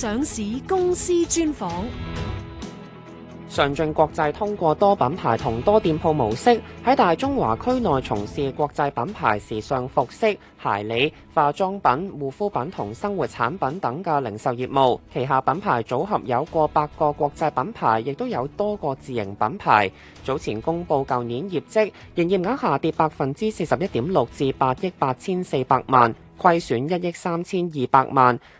上市公司專訪。尚晉國際通過多品牌同多店鋪模式，喺大中華區內從事國際品牌時尚服飾、鞋履、化妝品、護膚品同生活產品等嘅零售業務。旗下品牌組合有過百個國際品牌，亦都有多個自營品牌。早前公布舊年業績，營業額下跌百分之四十一點六，至八億八千四百萬，虧損一億三千二百萬。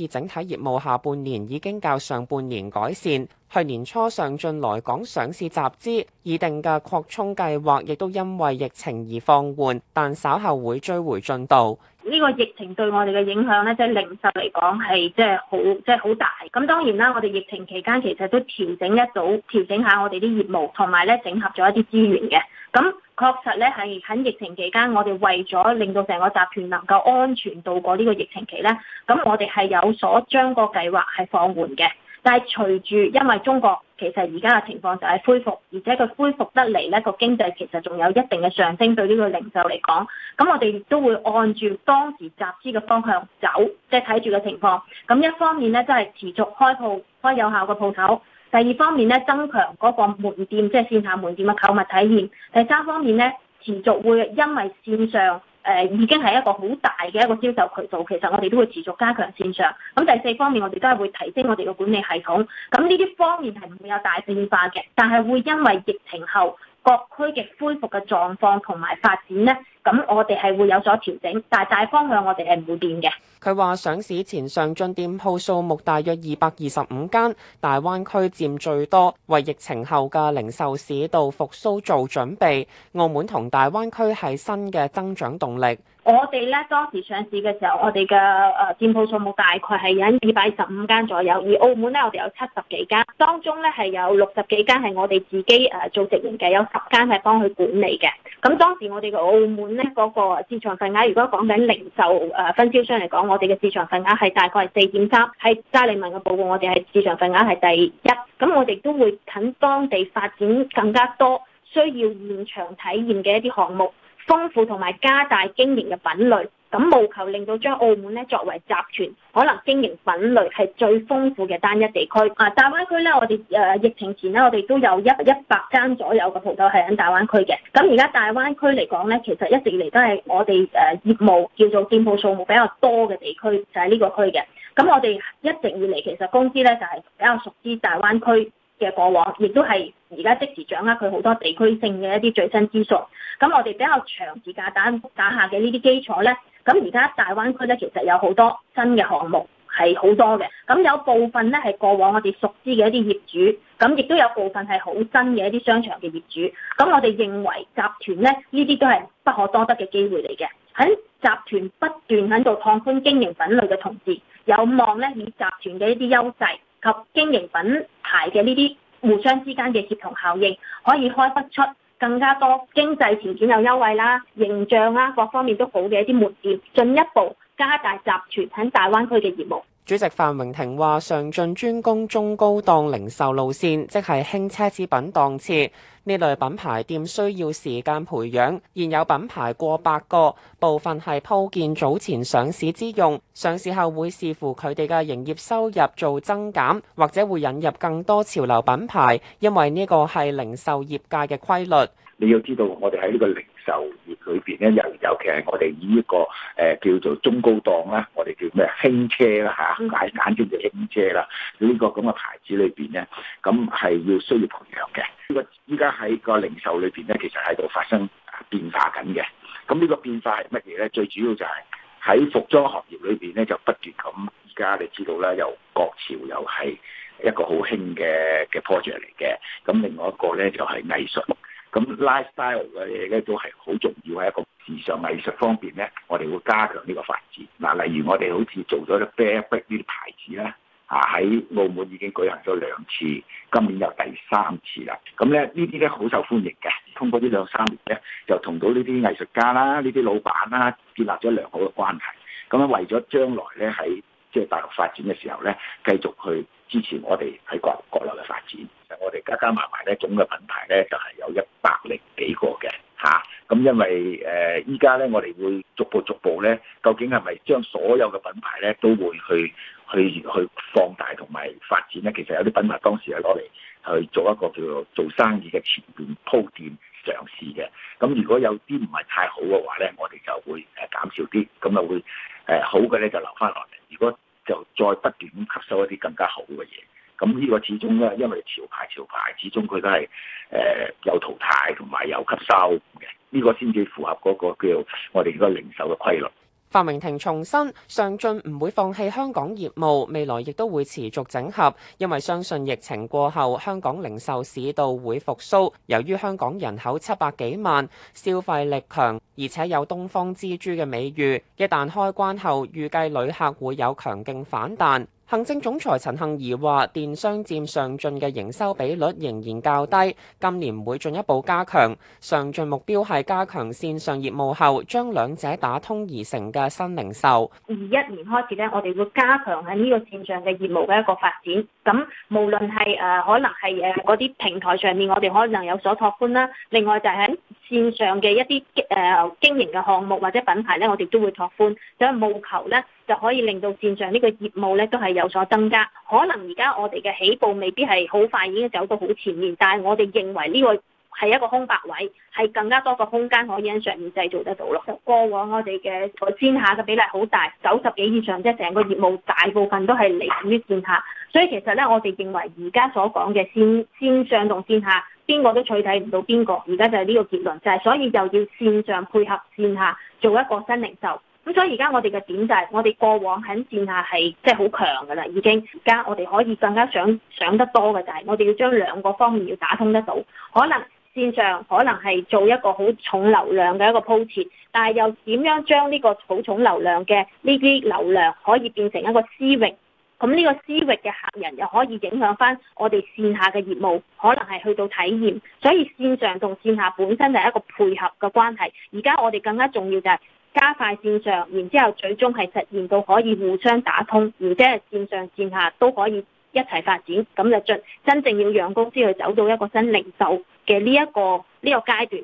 以整體業務下半年已經較上半年改善，去年初上進來港上市集資擬定嘅擴充計劃亦都因為疫情而放緩，但稍後會追回進度。呢個疫情對我哋嘅影響咧，即係零售嚟講，係即係好即係好大。咁當然啦，我哋疫情期間其實都調整一早調整下我哋啲業務同埋咧整合咗一啲資源嘅。咁確實咧，係喺疫情期間，我哋為咗令到成個集團能夠安全度過呢個疫情期咧，咁我哋係有所將個計劃係放緩嘅。但係隨住因為中國其實而家嘅情況就係恢復，而且佢恢復得嚟咧，個經濟其實仲有一定嘅上升，對呢個零售嚟講，咁我哋都會按照當時集資嘅方向走，即係睇住個情況。咁一方面咧，即係持續開鋪、開有效嘅鋪頭。第二方面咧，增強嗰個門店即係線下門店嘅購物體驗。第三方面咧，持續會因為線上誒、呃、已經係一個好大嘅一個銷售渠道，其實我哋都會持續加強線上。咁第四方面，我哋都係會提升我哋嘅管理系統。咁呢啲方面係唔會有大變化嘅，但係會因為疫情後各區嘅恢復嘅狀況同埋發展呢，咁我哋係會有所調整，但係大方向我哋係唔會變嘅。佢話上市前尚晉店鋪數目大約二百二十五間，大灣區佔最多，為疫情後嘅零售市道復甦做準備。澳門同大灣區係新嘅增長動力。我哋咧當時上市嘅時候，我哋嘅誒店鋪數目大概係有二百十五間左右，而澳門咧我哋有七十幾間，當中咧係有六十幾間係我哋自己誒做直營嘅，有十間係幫佢管理嘅。咁當時我哋嘅澳門咧嗰、那個市場份額，如果講緊零售誒分銷商嚟講，我哋嘅市場份額係大概係四點三，喺齋利文嘅報告，我哋係市場份額係第一。咁我哋都會喺當地發展更加多需要現場體驗嘅一啲項目。豐富同埋加大經營嘅品類，咁務求令到將澳門咧作為集團可能經營品類係最豐富嘅單一地區。啊、呃，大灣區咧，我哋誒、呃、疫情前咧，我哋都有一一百間左右嘅鋪頭係喺大灣區嘅。咁而家大灣區嚟講咧，其實一直嚟都係我哋誒業務叫做店鋪數目比較多嘅地區，就係、是、呢個區嘅。咁我哋一直以嚟其實公司咧就係、是、比較熟知大灣區嘅過往，亦都係而家即時掌握佢好多地區性嘅一啲最新資訊。咁我哋比較長時間打打下嘅呢啲基礎呢，咁而家大灣區呢，其實有好多新嘅項目係好多嘅。咁有部分呢，係過往我哋熟知嘅一啲業主，咁亦都有部分係好新嘅一啲商場嘅業主。咁我哋認為集團呢，呢啲都係不可多得嘅機會嚟嘅。喺集團不斷喺度擴寬經營品類嘅同時，有望呢，以集團嘅一啲優勢，及經營品牌嘅呢啲互相之間嘅協同效應，可以開發出更加多經濟條件有優惠啦、形象啦各方面都好嘅一啲門店，進一步加大集團喺大灣區嘅業務。主席范榮庭話：尚晉專攻中高檔零售路線，即係輕奢侈品檔次。呢類品牌店需要時間培養，現有品牌過百個，部分係鋪建早前上市之用。上市後會視乎佢哋嘅營業收入做增減，或者會引入更多潮流品牌，因為呢個係零售業界嘅規律。你要知道，我哋喺呢個零售業裏邊咧，尤尤其係我哋以一個誒、呃、叫做中高檔啦，我哋叫咩輕奢啦嚇，眼眼中的輕奢啦，這個、呢個咁嘅牌子裏邊咧，咁係要需要培養嘅。呢個依家喺個零售裏邊咧，其實喺度發生變化緊嘅。咁呢個變化係乜嘢咧？最主要就係喺服裝行業裏邊咧，就不斷咁。而家你知道啦，由國潮又係一個好興嘅嘅 project 嚟嘅。咁另外一個咧就係、是、藝術。咁 lifestyle 嘅嘢咧都係好重要，喺一個時尚藝術方面咧，我哋會加強呢個發展。嗱，例如我哋好似做咗啲 bearbrick 呢啲牌子咧，啊喺澳門已經舉行咗兩次，今年又第三次啦。咁咧呢啲咧好受歡迎嘅，通過呢兩三年咧，就同到呢啲藝術家啦、呢啲老闆啦，建立咗良好嘅關係。咁樣為咗將來咧喺即係大陸發展嘅時候咧，繼續去支持我哋喺國國內嘅發展我，我哋加加埋埋咧總嘅品牌咧就係、是、有一百零幾個嘅嚇，咁、啊、因為誒依家咧我哋會逐步逐步咧，究竟係咪將所有嘅品牌咧都會去去去放大同埋發展咧？其實有啲品牌當時係攞嚟去做一個叫做做生意嘅前邊鋪墊嘗試嘅，咁、啊、如果有啲唔係太好嘅話咧，我哋就會誒減少啲，咁又會誒好嘅咧就留翻落嚟，如果。就再不斷吸收一啲更加好嘅嘢，咁呢個始終咧，因為潮牌潮牌，始終佢都係誒、呃、有淘汰同埋有，有吸收嘅，呢、這個先至符合嗰個叫我哋個零售嘅規律。范明廷重申，尚晉唔會放棄香港業務，未來亦都會持續整合，因為相信疫情過後香港零售市道會復甦。由於香港人口七百幾萬，消費力強，而且有東方之珠嘅美譽，一旦開關後，預計旅客會有強勁反彈。行政總裁陳幸儀話：電商佔尚晉嘅營收比率仍然較低，今年會進一步加強，尚晉目標係加強線上業務後，將兩者打通而成嘅新零售。二一年開始咧，我哋會加強喺呢個線上嘅業務嘅一個發展。咁無論係誒，可能係誒嗰啲平台上面，我哋可能有所拓寬啦。另外就係線上嘅一啲誒、呃、經營嘅項目或者品牌呢，我哋都會拓寬，所以務求呢，就可以令到線上呢個業務呢都係有所增加。可能而家我哋嘅起步未必係好快已經走到好前面，但係我哋認為呢個係一個空白位，係更加多個空間可以喺上面製造得到咯。過往我哋嘅線下嘅比例好大，九十幾以上，即係成個業務大部分都係嚟自於線下，所以其實呢，我哋認為而家所講嘅線線上同線下。邊個都取睇唔到邊個，而家就係呢個結論，就係所以就要線上配合線下做一個新零售。咁所以而家我哋嘅點就係，我哋過往喺線下係即係好強噶啦，已經。而家我哋可以更加想想得多嘅就係，我哋要將兩個方面要打通得到。可能線上可能係做一個好重流量嘅一個鋪設，但係又點樣將呢個好重流量嘅呢啲流量可以變成一個私域？咁呢個私域嘅客人又可以影響翻我哋線下嘅業務，可能係去到體驗，所以線上同線下本身係一個配合嘅關係。而家我哋更加重要就係加快線上，然之後最終係實現到可以互相打通，而且係線上線下都可以一齊發展，咁就進真正要讓公司去走到一個新零售嘅呢一個呢、呢個階段。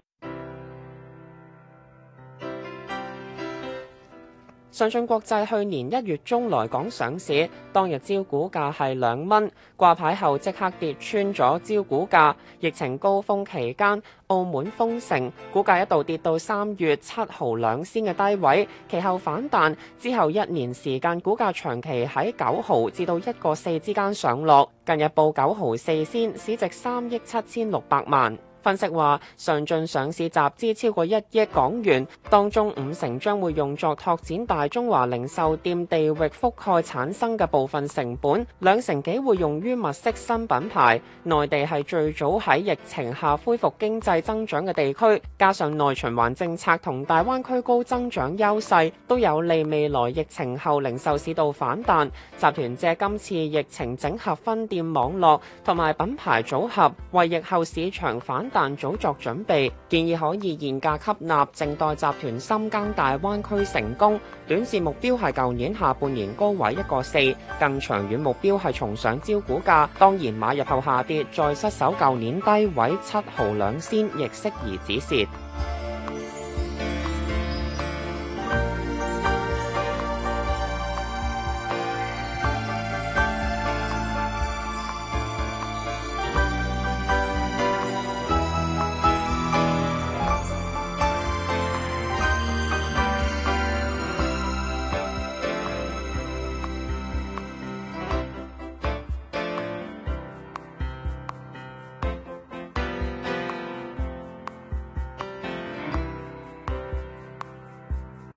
尚晉國際去年一月中來港上市，當日招股價係兩蚊，掛牌後即刻跌穿咗招股價。疫情高峰期間，澳門封城，股價一度跌到三月七毫兩仙嘅低位，其後反彈，之後一年時間，股價長期喺九毫至到一個四之間上落，近日報九毫四仙，市值三億七千六百萬。分析話，尚晉上市集資超過一億港元，當中五成將會用作拓展大中華零售店地域覆蓋產生嘅部分成本，兩成幾會用於物色新品牌。內地係最早喺疫情下恢復經濟增長嘅地區，加上內循環政策同大灣區高增長優勢，都有利未來疫情後零售市道反彈。集團借今次疫情整合分店網絡同埋品牌組合，為疫後市場反。但早作準備，建議可以現價吸納正大集團深耕大灣區成功。短線目標係舊年下半年高位一個四，更長遠目標係重上招股價。當然買入後下跌再失守舊年低位七毫兩仙，亦適宜止蝕。